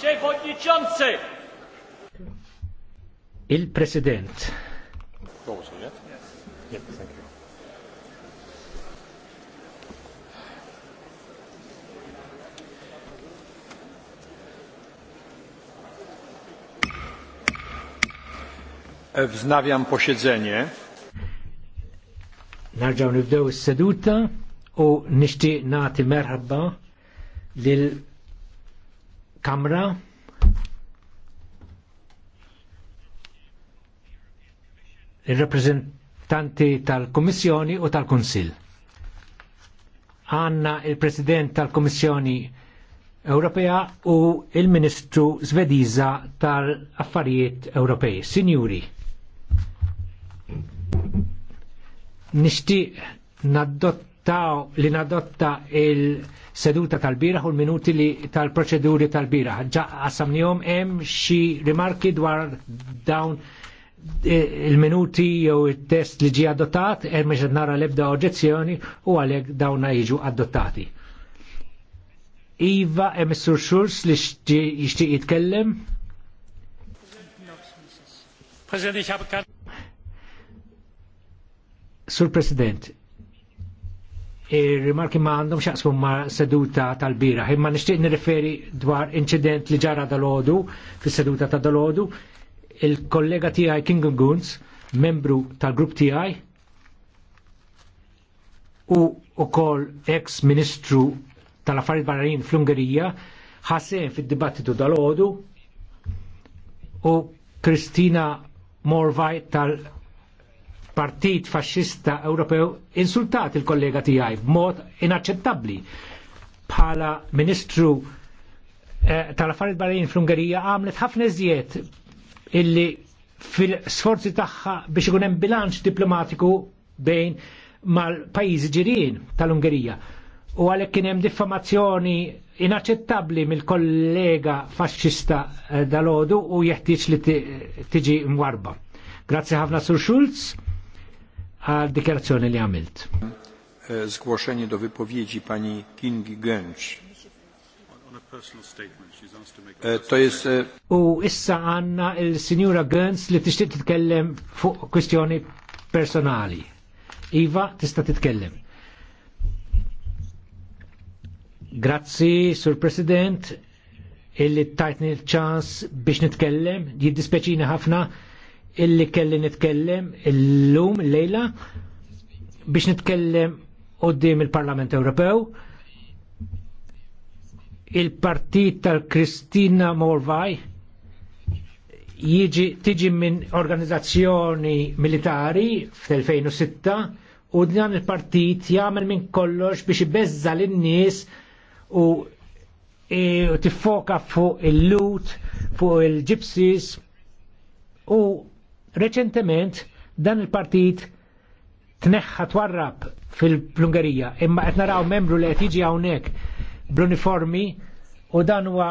Przewodniczący! Il-President. E, wznawiam posiedzenie. Narġaw nibdew is-seduta u nixtieq nagħti merħabba lil kamra il-reprezentanti tal-Komissjoni u tal kunsil Għanna il-President tal-Komissjoni Ewropea u il-Ministru Svediża tal-Affarijiet Ewropej. Sinjuri, nishtiq naddott Ta' li nadotta il-seduta tal-biraħ u l-minuti li tal-proċeduri tal-biraħ. Ġa għasamnijom hemm xi rimarki dwar dawn eh, il-minuti jew il-test li ġi adottat, er meġed nara lebda oġezzjoni u għalek dawna jiġu adottati. Iva, emissur eh, Schulz li jishtiq jitkellem? Sur President, ir-rimarki ma għandhom xaqsmu ma seduta tal-bira. Imma nishtiq nirriferi dwar incident li ġara dal-ħodu, fis seduta ta' dal-ħodu, il-kollega tijaj King Guns, membru tal-grupp tijaj, u u kol ex-ministru tal-affarijiet barranin fl-Ungerija, ħasen fid-dibattitu dal-ħodu, u Kristina Morvaj tal-Ungerija partit faxxista Ewropew insultat il-kollega tiegħi b'mod inaċċettabbli bħala Ministru eh, tal-Affarijiet barajin fl-Ungerija għamlet ħafna iżjed illi fil-sforzi tagħha biex ikun hemm bilanċ diplomatiku bejn mal-pajjiżi ġirien tal-Ungerija. U għalhekk kien hemm diffamazzjoni inaċċettabbli mill-kollega faxxista eh, dalodu u jeħtieġ li tiġi mwarba. Grazzi ħafna Sur Schulz għal dikjarazzjoni li għamilt. E, zgłoszenie do wypowiedzi pani Kingi Gönch. E, to jest... E, U issa għanna il signora Gönch li t-ixtiq t-tkellem fuq kwistjoni personali. Iva, tista' t-tkellem. Grazzi, Sur President, illi tajtni l-ċans biex nitkellem, jiddispeċina ħafna illi kelli nitkellem illum lejla biex nitkellem qoddim il-Parlament Ewropew. Il-partit tal-Kristina Morvaj jiġi tiġi minn organizzazzjoni militari fl-2006 u dan il-partit jagħmel minn kollox biex ibeżza lin-nies e, u tiffoka fuq il-lut, fuq il-gypsies u Reċentement dan il-partit tneħħa twarrab fil-Ungerija, imma qed naraw membru li qed jiġi hawnhekk bl-uniformi u dan huwa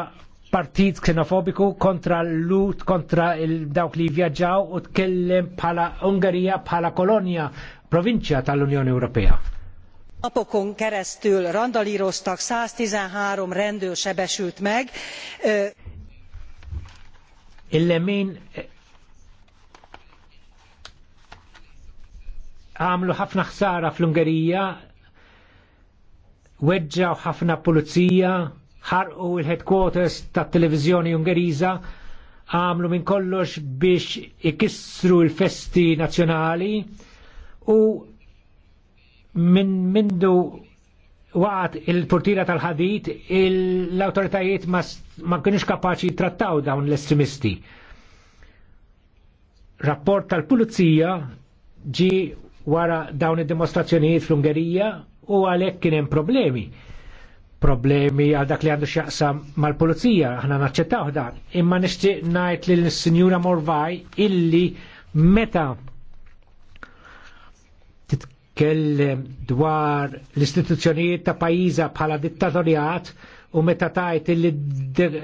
partit xenofobiku kontra l-lut, kontra dawk li vjaġġaw u tkellem bħala Ungerija bħala kolonja provinċja tal-Unjoni Ewropea. Napokon keresztül randalíroztak, 113 rendőr sebesült meg. Illemin għamlu ħafna ħsara fl-Ungerija, weġġaw ħafna pulizija, ħarqu il-headquarters tat televizjoni Ungeriża, għamlu minn kollox biex ikissru l-festi nazzjonali u minn mindu waqt il-portira tal-ħadit l-autoritajiet ma, ma kienux kapaċi trattaw dawn l-estremisti. Rapport tal-pulizija ġi wara dawn id-dimostrazzjonijiet fl-Ungerija u għalhekk kien hemm problemi. Problemi għal dak li għandu x'jaqsam mal-pulizija, aħna naċċettaw dan. Imma nixtieq ngħid lil sinjura Morvaj illi meta titkellem dwar l-istituzzjonijiet ta' pajjiża bħala dittatorjat u meta tajt li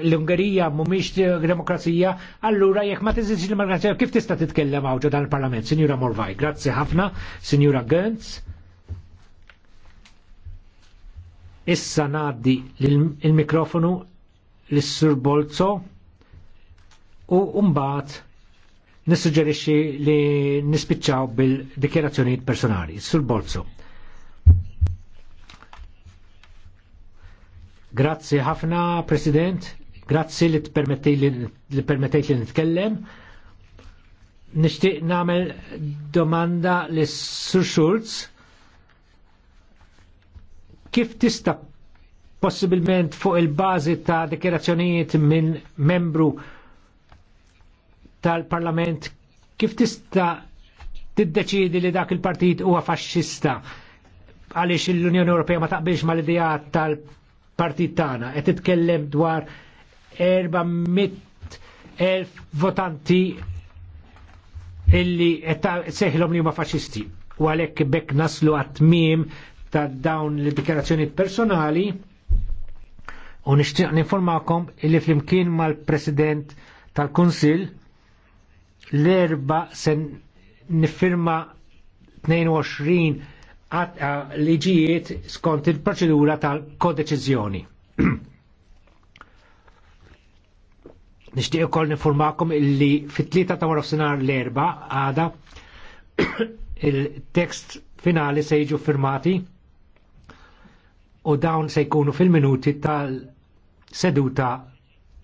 l-Ungerija mhumiex demokrazija, allura jek ma tiżix l-demokrazija kif tista' titkellem hawn dan il-Parlament, Signora Morvaj. Grazzi ħafna, Signora Gönz. Issa ngħaddi il-mikrofonu lis-Sur Bolzo u mbagħad nissuġġerixxi li nispiċċaw bil-dikjerazzjonijiet personali. Sur Bolzo. Grazzi ħafna, President. Grazzi li permettejt li nitkellem. Nishtiq namel domanda li Sur Schulz. Kif tista possibilment fuq il-bazi ta' dikjerazzjonijiet minn membru tal-Parlament kif tista tiddeċidi li dak il-partit huwa faxxista għaliex l-Unjoni Ewropea ma taqbilx mal-idea tal-Parlament partit tagħna qed titkellem dwar 400,000 votanti illi qed seħilhom li huma faċisti. U għalhekk bekk naslu għat-tmiem ta' dawn l-dikjarazzjoni personali u nixtieq ninformakom illi flimkien mal-President tal-Kunsill l-erba sen nifirma 22 liġijiet skont il-proċedura tal-kodeċizjoni. Nishtiq ukoll nifurmakom illi fit-tlieta ta' warofsinar l-erba għada il-tekst finali se jiġu firmati u dawn se jkunu fil-minuti tal-seduta